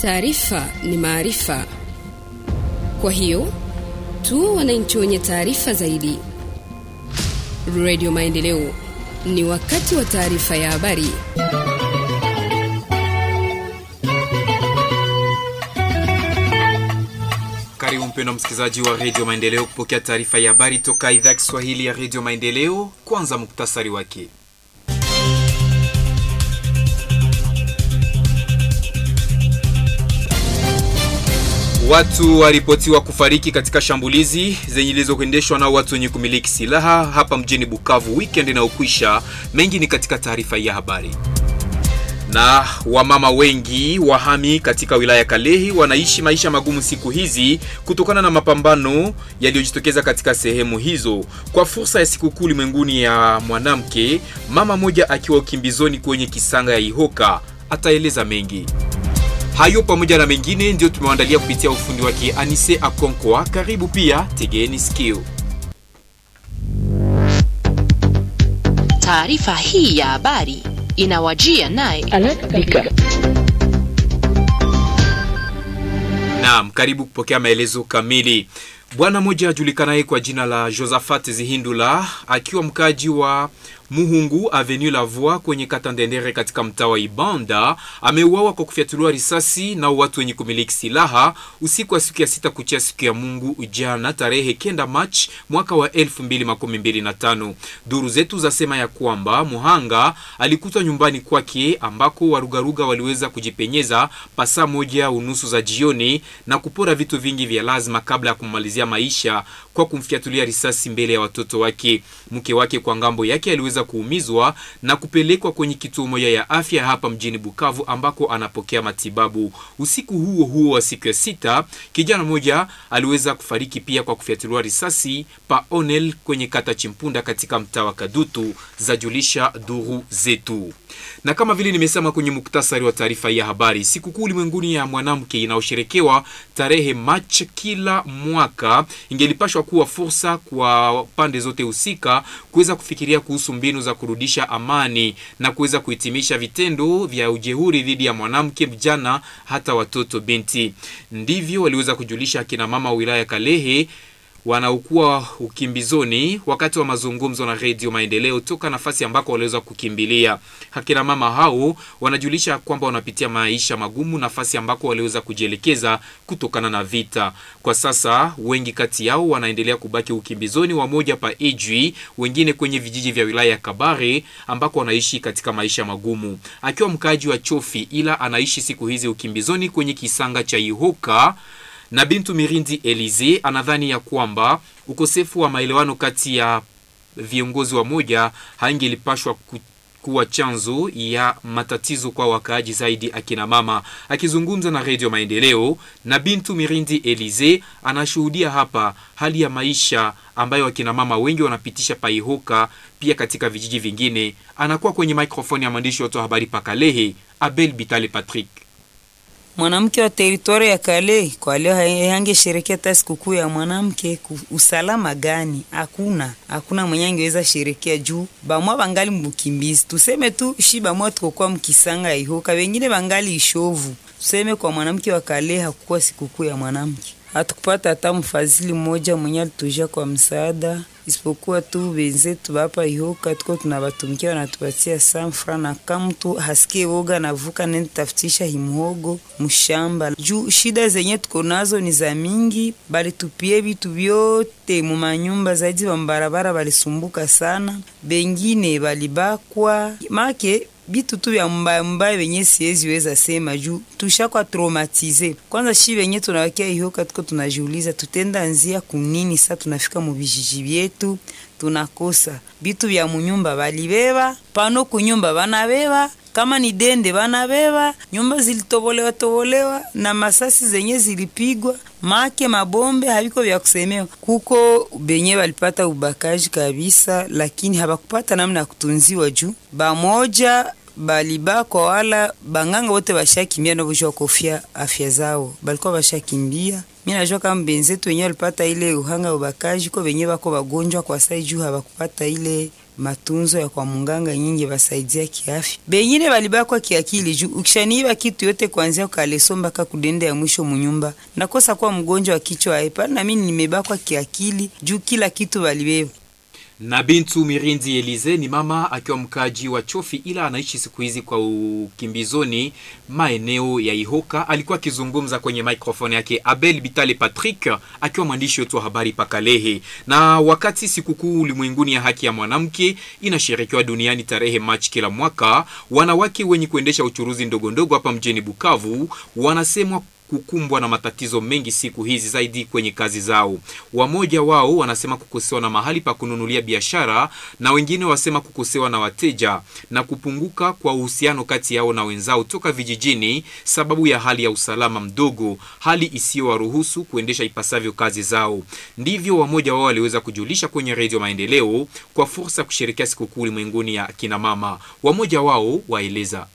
Taarifa ni maarifa, kwa hiyo tu wananchi wenye taarifa zaidi. Redio Maendeleo, ni wakati wa taarifa ya habari. Karibu mpendo msikilizaji wa Redio Maendeleo kupokea taarifa ya habari toka idhaa Kiswahili ya Redio Maendeleo. Kwanza muktasari wake. Watu waripotiwa kufariki katika shambulizi zenye zilizoendeshwa na watu wenye kumiliki silaha hapa mjini Bukavu weekend inayokwisha. Mengi ni katika taarifa hii ya habari. Na wamama wengi wahami katika wilaya Kalehi wanaishi maisha magumu siku hizi kutokana na mapambano yaliyojitokeza katika sehemu hizo. Kwa fursa ya sikukuu ulimwenguni ya mwanamke, mama moja akiwa ukimbizoni kwenye kisanga ya Ihoka ataeleza mengi. Hayo pamoja na mengine ndiyo tumewaandalia kupitia ufundi wake Anise Akonkoa. Karibu pia, tegeni sikio. Taarifa hii ya habari inawajia naye Naam, karibu kupokea maelezo kamili. Bwana mmoja ajulikanaye kwa jina la Josephat Zihindula akiwa mkaji wa Muhungu avenu la kwenye kata Ndendere katika mtaa wa Ibanda ameuawa kwa kufyatuliwa risasi na watu wenye kumiliki silaha usiku wa siku ya sita kuchia siku ya Mungu jana tarehe kenda Machi mwaka wa 2025. Duru zetu zasema ya kwamba muhanga alikutwa nyumbani kwake ambako warugaruga waliweza kujipenyeza pasaa moja unusu za jioni na kupora vitu vingi vya lazima kabla ya kumalizia maisha kwa kumfyatulia risasi mbele ya watoto wake. Mke wake kwa ngambo yake aliweza kuweza kuumizwa na kupelekwa kwenye kituo moja ya afya hapa mjini Bukavu ambako anapokea matibabu. Usiku huo huo wa siku ya sita, kijana mmoja aliweza kufariki pia kwa kufyatuliwa risasi pa Onel kwenye kata Chimpunda katika mtaa wa Kadutu, zajulisha duru zetu. Na kama vile nimesema kwenye muktasari wa taarifa ya habari, sikukuu ulimwenguni ya mwanamke inayosherekewa tarehe Machi kila mwaka ingelipashwa kuwa fursa kwa pande zote husika kuweza kufikiria kuhusu mbinu za kurudisha amani na kuweza kuhitimisha vitendo vya ujeuri dhidi ya mwanamke, vijana, hata watoto binti. Ndivyo waliweza kujulisha akina mama wa wilaya Kalehe wanaokuwa ukimbizoni wakati wa mazungumzo na Redio Maendeleo toka nafasi ambako waliweza kukimbilia. hakina mama hao wanajulisha kwamba wanapitia maisha magumu nafasi ambako waliweza kujielekeza kutokana na vita. Kwa sasa wengi kati yao wanaendelea kubaki ukimbizoni, wamoja pa ejwi wengine kwenye vijiji vya wilaya ya Kabare ambako wanaishi katika maisha magumu. Akiwa mkaaji wa Chofi ila anaishi siku hizi ukimbizoni kwenye kisanga cha Ihoka na Bintu Mirindi Elize anadhani ya kwamba ukosefu wa maelewano kati ya viongozi wa moja ilipashwa kuwa chanzo ya matatizo kwa wakaaji zaidi akina mama. Akizungumza na Redio Maendeleo, na Bintu Mirindi Elize anashuhudia hapa hali ya maisha ambayo akina mama wengi wanapitisha paihoka, pia katika vijiji vingine. Anakuwa kwenye mikrofoni ya mwandishi wetu wa habari Pakalehe Abel Bitale Patrick mwanamke wa teritori ya kale kwa leo hangesherekea hata sikukuu ya mwanamke. Usalama gani? Hakuna, hakuna mwenye angeweza sherekea juu bamwa bangali mukimbizi. Tuseme tu shi bamwa tukokuwa mkisanga ihoka, wengine bangali ishovu. Tuseme kwa mwanamke wa kale hakukuwa sikukuu ya mwanamke, hatukupata hata mfadhili mmoja mwenye alituja kwa msaada isipokuwa tu wenzetu bapa ihoka tuko tunabatumikia wanatupatia samfra na kama mtu hasikie woga navuka nende tafutisha himhogo mushamba juu shida zenye tuko nazo ni za mingi, balitupie vitu vyote mumanyumba zaidi, mbarabara balisumbuka sana, bengine balibakwa make bitu tu vya mbaya mbaya venye siwezi weza sema juu tushakuwa traumatize. Kwanza shi venye tunawakia hiyo katuko, tunajiuliza tutenda nzia kunini? Sa tunafika muvijiji vyetu tunakosa bitu vya munyumba, valibeba pano kunyumba, vanabeba kama ni dende vanabeba, nyumba zilitobolewa tobolewa na masasi zenye zilipigwa, make mabombe, haviko vya kusemewa. Kuko benye walipata ubakaji kabisa, lakini hawakupata namna ya kutunziwa juu bamoja balibakwa wala banganga bote bashakimbia na kujua kofia afya zao, balikuwa bashakimbia. Mimi najua kama benzetu wenyewe walipata ile uhanga ubakaji kwa wenyewe bako bagonjwa kwa sai juu hawakupata ile matunzo ya kwa munganga nyingi basaidia kiafya. Bengine balibakwa kiakili juu ukishaniiba kitu yote kuanzia ukaleso mpaka kudende ya mwisho munyumba, nakosa kuwa mgonjwa wa kichwa hapa, na nimebakwa kiakili juu kila kitu balibeba na Bintu Mirinzi Elize ni mama akiwa mkaaji wa Chofi, ila anaishi siku hizi kwa ukimbizoni maeneo ya Ihoka. Alikuwa akizungumza kwenye microphone yake Abel Bitale Patrick akiwa mwandishi wetu wa habari Pakalehe. Na wakati sikukuu ulimwenguni ya haki ya mwanamke inasherekewa duniani tarehe Machi kila mwaka, wanawake wenye kuendesha uchuruzi ndogondogo hapa mjini Bukavu wanasemwa kukumbwa na matatizo mengi siku hizi zaidi kwenye kazi zao. Wamoja wao wanasema kukosewa na mahali pa kununulia biashara na wengine wasema kukosewa na wateja na kupunguka kwa uhusiano kati yao na wenzao toka vijijini sababu ya hali ya usalama mdogo, hali isiyowaruhusu kuendesha ipasavyo kazi zao. Ndivyo wamoja wao waliweza kujulisha kwenye Redio Maendeleo kwa fursa ya kusherekea sikukuu ulimwenguni ya kina mama. Wamoja wao waeleza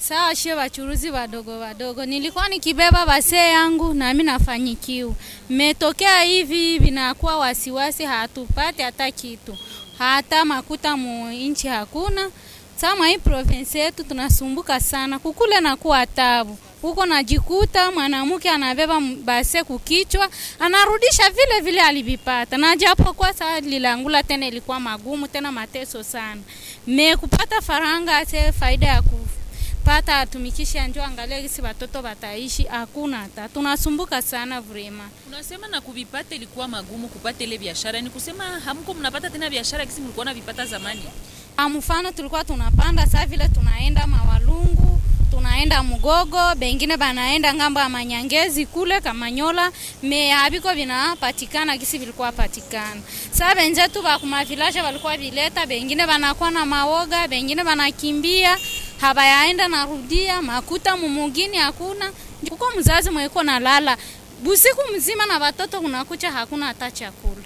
Sawa shie wachuruzi wadogo wadogo, nilikuwa nikibeba wasee yangu nami nafanyikiwa. Metokea hivi hivi, nakuwa wasiwasi, hatupate hata kitu, hata makuta mu inchi hakuna. Sama hii province yetu tunasumbuka sana, kukule na kuwa tabu huko. Najikuta mwanamke anabeba base kukichwa, anarudisha vile vile alivipata, na japo kwa saa lilangula tena ilikuwa magumu tena mateso sana, mekupata faranga ase faida ya kufu pata atumikishe anjo angalia gisi watoto wataishi. Hakuna hata tunasumbuka sana vrema. Unasema na kuvipata ilikuwa magumu kupata ile biashara, ni kusema hamko mnapata tena biashara gisi mlikuwa na vipata zamani. Amfano ah, tulikuwa tunapanda saa vile tunaenda Mawalungu, tunaenda Mgogo, bengine banaenda ngambo ya Manyangezi kule Kamanyola, me habiko vinapatikana gisi vilikuwa patikana. Saa benzetu ba kumavilaje walikuwa vileta, bengine banakuwa na mawoga, bengine banakimbia habayaenda narudia makuta mumugini hakuna kuko mzazi mweko na lala busiku mzima na watoto kunakucha hakuna hata chakula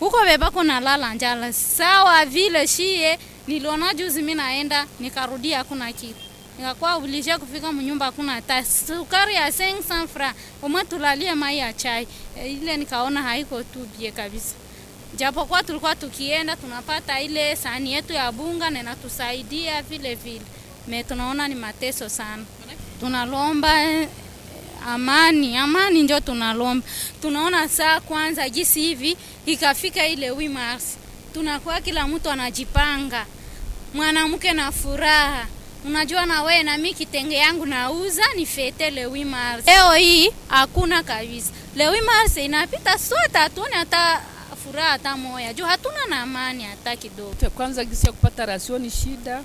huko bebako lala njala sawa vile shie niliona juzi mimi naenda nikarudia hakuna kitu nikakuwa ulisha kufika mnyumba hakuna hata sukari ya 500 francs umwe tulalie mai ya chai e, ile nikaona haiko tu bie kabisa japo kwa tulikuwa tukienda tunapata ile sahani yetu ya bunga na inatusaidia vile vile me tunaona ni mateso sana. Tunalomba eh, amani, amani njo tunalomba. Tunaona saa kwanza jisi hivi ikafika ile wi Mars, tunakuwa kila mtu anajipanga, mwanamke na furaha Unajua na wewe na mimi kitenge yangu nauza ni fete lewi mars. Leo hii hakuna kabisa. le mars inapita sote, hatuone hata furaha hata moya. Juu hatuna na amani hata kidogo. Kwanza gisi ya kupata rasio ni shida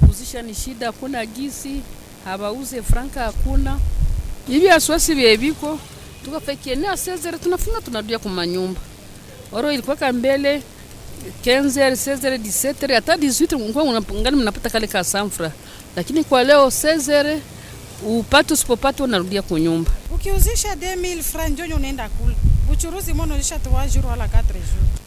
kuzisha ni shida, hakuna gisi habauze franka hakuna hivi aswasi vyeviko ni asezere tunafunga tunarudia kumanyumba oro ilikuwaka mbele kenzer sezere disetere hata diswit ngani mnapata kale ka samfra lakini kwa leo sezere upate usipopate unarudia kunyumba ukiuzisha 2000 franc ndio unaenda kula buchuruzi mwana unauzisha 3 jours wala 4 jours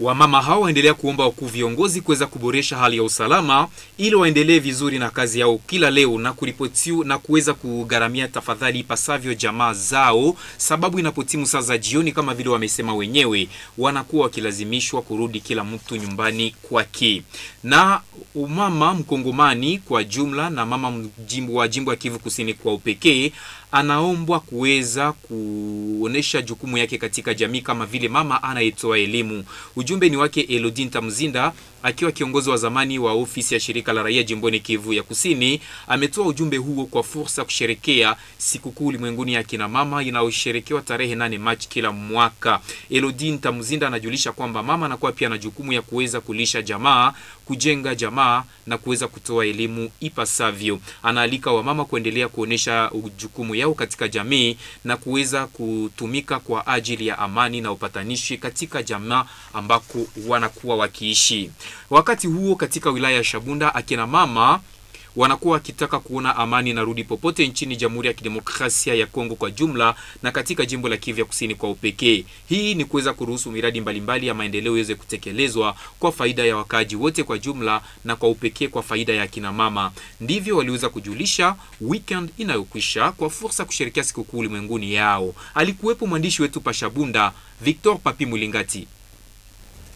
Wamama hao waendelea kuomba wakuu viongozi kuweza kuboresha hali ya usalama ili waendelee vizuri na kazi yao kila leo na kuripotiwa na kuweza kugharamia tafadhali ipasavyo jamaa zao, sababu inapotimu saa za jioni, kama vile wamesema wenyewe, wanakuwa wakilazimishwa kurudi kila mtu nyumbani kwake. Na umama mkongomani kwa jumla na mama wa jimbo ya Kivu Kusini kwa upekee anaombwa kuweza kuonesha jukumu yake katika jamii kama vile mama anayetoa elimu. Ujumbe ni wake Elodine Tamzinda akiwa kiongozi wa zamani wa ofisi ya shirika la raia jimboni Kivu ya Kusini, ametoa ujumbe huo kwa fursa kusherekea sikukuu ulimwenguni ya kina mama inayosherekewa tarehe nane Machi kila mwaka. Elodine Tamuzinda anajulisha kwamba mama anakuwa pia na jukumu ya kuweza kulisha jamaa, kujenga jamaa na kuweza kutoa elimu ipasavyo. Anaalika wamama kuendelea kuonyesha jukumu yao katika jamii na kuweza kutumika kwa ajili ya amani na upatanishi katika jamaa ambako wanakuwa wakiishi. Wakati huo katika wilaya ya Shabunda akina mama wanakuwa wakitaka kuona amani inarudi popote nchini Jamhuri ya Kidemokrasia ya Kongo kwa jumla na katika jimbo la Kivu ya Kusini kwa upekee. Hii ni kuweza kuruhusu miradi mbalimbali ya maendeleo iweze kutekelezwa kwa faida ya wakaaji wote kwa jumla na kwa upekee kwa faida ya akina mama. Ndivyo waliweza kujulisha weekend inayokwisha kwa fursa kusherekea sikukuu ulimwenguni yao. Alikuwepo mwandishi wetu Pashabunda Victor Papi Mulingati.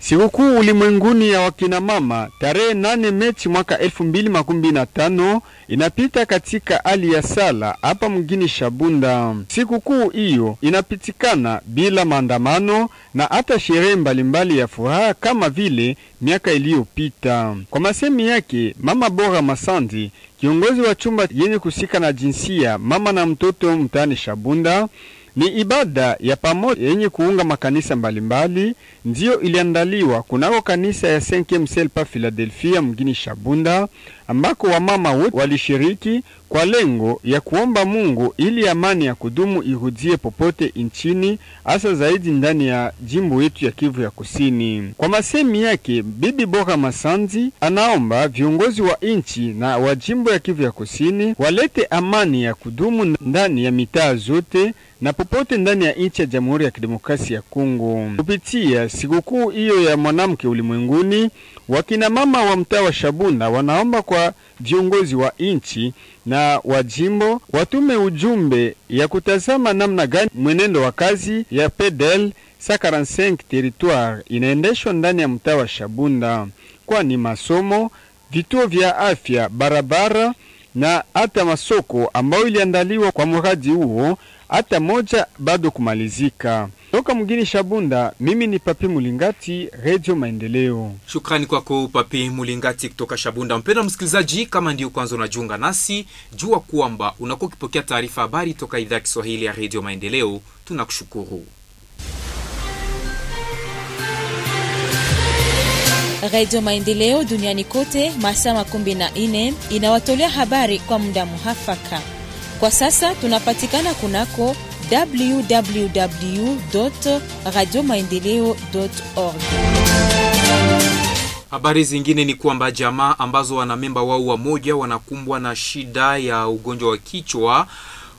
Sikukuu ulimwenguni ya wakinamama tarehe 8 Mechi mwaka 2025 inapita katika hali ya sala hapa mgini Shabunda. Sikukuu hiyo inapitikana bila maandamano na hata sherehe mbalimbali ya furaha kama vile miaka iliyopita. Kwa masemi yake Mama Bora Masandi, kiongozi wa chumba yenye kusika na jinsia mama na mtoto mtaani Shabunda ni ibada ya pamoja yenye kuunga makanisa mbalimbali, ndiyo iliandaliwa kunako kanisa ya Saint-Michel pa Philadelphia mgini Shabunda, ambako wamama wote walishiriki kwa lengo ya kuomba Mungu ili amani ya kudumu irudie popote nchini, hasa zaidi ndani ya jimbo yetu ya Kivu ya Kusini. Kwa masemi yake, Bibi Bora Masanzi anaomba viongozi wa nchi na wa jimbo ya Kivu ya Kusini walete amani ya kudumu ndani ya mitaa zote na popote ndani ya nchi ya Jamhuri ya Kidemokrasia ya Kongo. Kupitia sikukuu hiyo ya mwanamke ulimwenguni, wakina mama wa mtaa wa Shabunda wanaomba kwa viongozi wa nchi na wa jimbo watume ujumbe ya kutazama namna gani mwenendo wa kazi ya pedel 45 territoire inaendeshwa ndani ya mtaa wa Shabunda, kwani masomo, vituo vya afya, barabara na hata masoko ambayo iliandaliwa kwa mradi huo hata moja bado kumalizika. Toka mgini Shabunda, mimi ni Papi Mulingati, Radio Maendeleo. Shukrani kwako Papi Mulingati kutoka Shabunda. Mpenda msikilizaji, kama ndio kwanza unajiunga nasi, jua kwamba unakuwa ukipokea taarifa habari toka idhaa ya Kiswahili ya Radio Maendeleo. Tunakushukuru. Radio Maendeleo duniani kote masaa makumi na nne inawatolea habari kwa muda muhafaka. Kwa sasa tunapatikana kunako www radio maendeleo org. Habari zingine ni kwamba jamaa ambazo wanamemba wao wamoja wanakumbwa na shida ya ugonjwa wa kichwa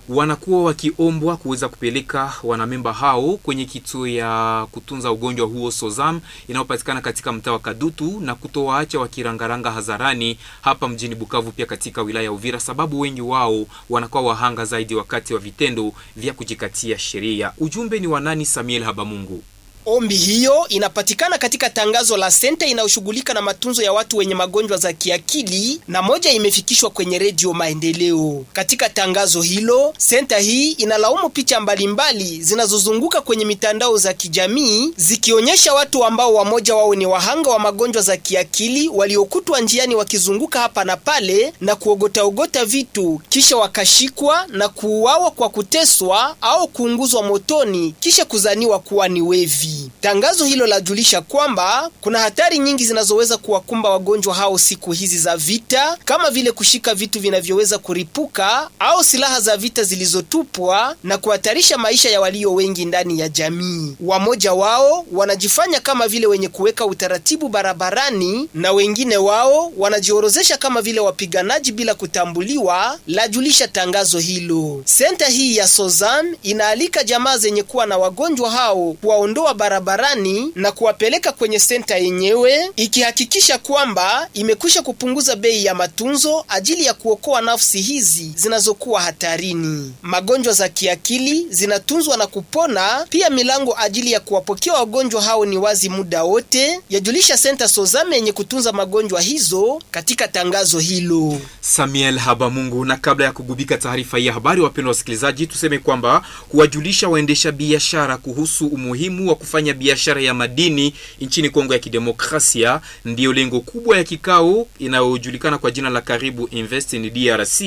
wanakuwa wakiombwa kuweza kupeleka wanamemba hao kwenye kituo ya kutunza ugonjwa huo Sozam inayopatikana katika mtaa wa Kadutu na kutowaacha wakirangaranga hadharani hapa mjini Bukavu, pia katika wilaya ya Uvira, sababu wengi wao wanakuwa wahanga zaidi wakati wa vitendo vya kujikatia sheria. Ujumbe ni wa nani? Samuel Habamungu. Ombi hiyo inapatikana katika tangazo la senta inayoshughulika na matunzo ya watu wenye magonjwa za kiakili na moja imefikishwa kwenye redio Maendeleo. Katika tangazo hilo, senta hii inalaumu picha mbalimbali zinazozunguka kwenye mitandao za kijamii zikionyesha watu ambao wamoja wao ni wahanga wa magonjwa za kiakili waliokutwa njiani wakizunguka hapa na pale na kuogotaogota vitu kisha wakashikwa na kuuawa kwa kuteswa au kuunguzwa motoni kisha kuzaniwa kuwa ni wevi hii. Tangazo hilo lajulisha kwamba kuna hatari nyingi zinazoweza kuwakumba wagonjwa hao siku hizi za vita, kama vile kushika vitu vinavyoweza kuripuka au silaha za vita zilizotupwa na kuhatarisha maisha ya walio wengi ndani ya jamii. Wamoja wao wanajifanya kama vile wenye kuweka utaratibu barabarani na wengine wao wanajiorozesha kama vile wapiganaji bila kutambuliwa, lajulisha tangazo hilo. Senta hii ya Sozan inaalika jamaa zenye kuwa na wagonjwa hao kuwaondoa barabarani na kuwapeleka kwenye senta yenyewe, ikihakikisha kwamba imekwisha kupunguza bei ya matunzo ajili ya kuokoa nafsi hizi zinazokuwa hatarini. Magonjwa za kiakili zinatunzwa na kupona pia, milango ajili ya kuwapokea wagonjwa hao ni wazi muda wote, yajulisha senta Sozame yenye kutunza magonjwa hizo katika tangazo hilo. Samuel Habamungu. Na kabla ya kugubika taarifa hii ya habari, wapendwa wasikilizaji, tuseme kwamba kuwajulisha waendesha biashara kuhusu umuhimu wa kufa kufanya biashara ya madini nchini Kongo ya Kidemokrasia ndiyo lengo kubwa ya kikao inayojulikana kwa jina la Karibu Invest in DRC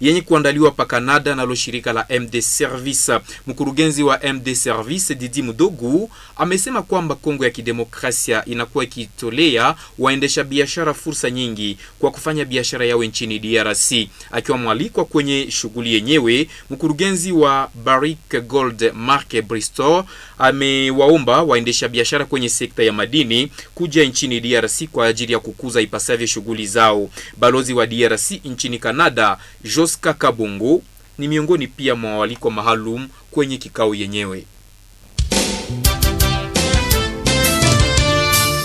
yenye kuandaliwa pa Canada nalo shirika la MD Service. Mkurugenzi wa MD Service Didi Mudogu amesema kwamba Kongo ya Kidemokrasia inakuwa ikitolea waendesha biashara fursa nyingi kwa kufanya biashara yao nchini DRC. Akiwa mwalikwa kwenye shughuli yenyewe, mkurugenzi wa Barrick Gold Mark Bristow amewaomba kuomba waendesha biashara kwenye sekta ya madini kuja nchini DRC kwa ajili ya kukuza ipasavyo shughuli zao. Balozi wa DRC nchini Kanada Joska Kabungu ni miongoni pia mwa waliko maalum kwenye kikao yenyewe.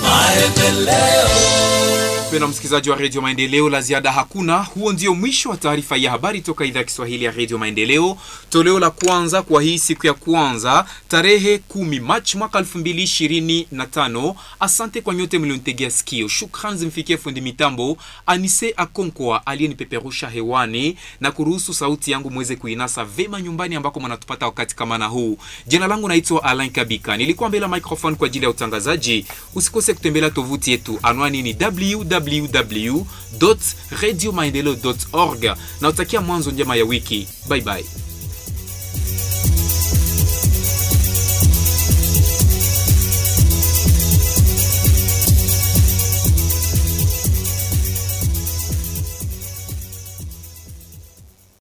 Maendeleo. Mpendwa msikilizaji wa redio Maendeleo, la ziada hakuna. Huo ndio mwisho wa taarifa ya habari toka idhaa ya Kiswahili ya redio Maendeleo, toleo la kwanza kwa hii siku ya kwanza tarehe 10 Machi mwaka 2025. Asante kwa nyote mlionitegea sikio. Shukrani zimfikie fundi mitambo Anise akonkoa aliyenipeperusha hewani na kuruhusu sauti yangu mweze kuinasa vema nyumbani ambako mnatupata wakati kama na huu. Jina langu naitwa Alain Kabika, nilikuwa mbele ya microphone kwa ajili ya utangazaji. Usikose kutembelea tovuti yetu, anwani ni www www.radiomaendeleo.org na utakia mwanzo njema ya wiki. Bye bye.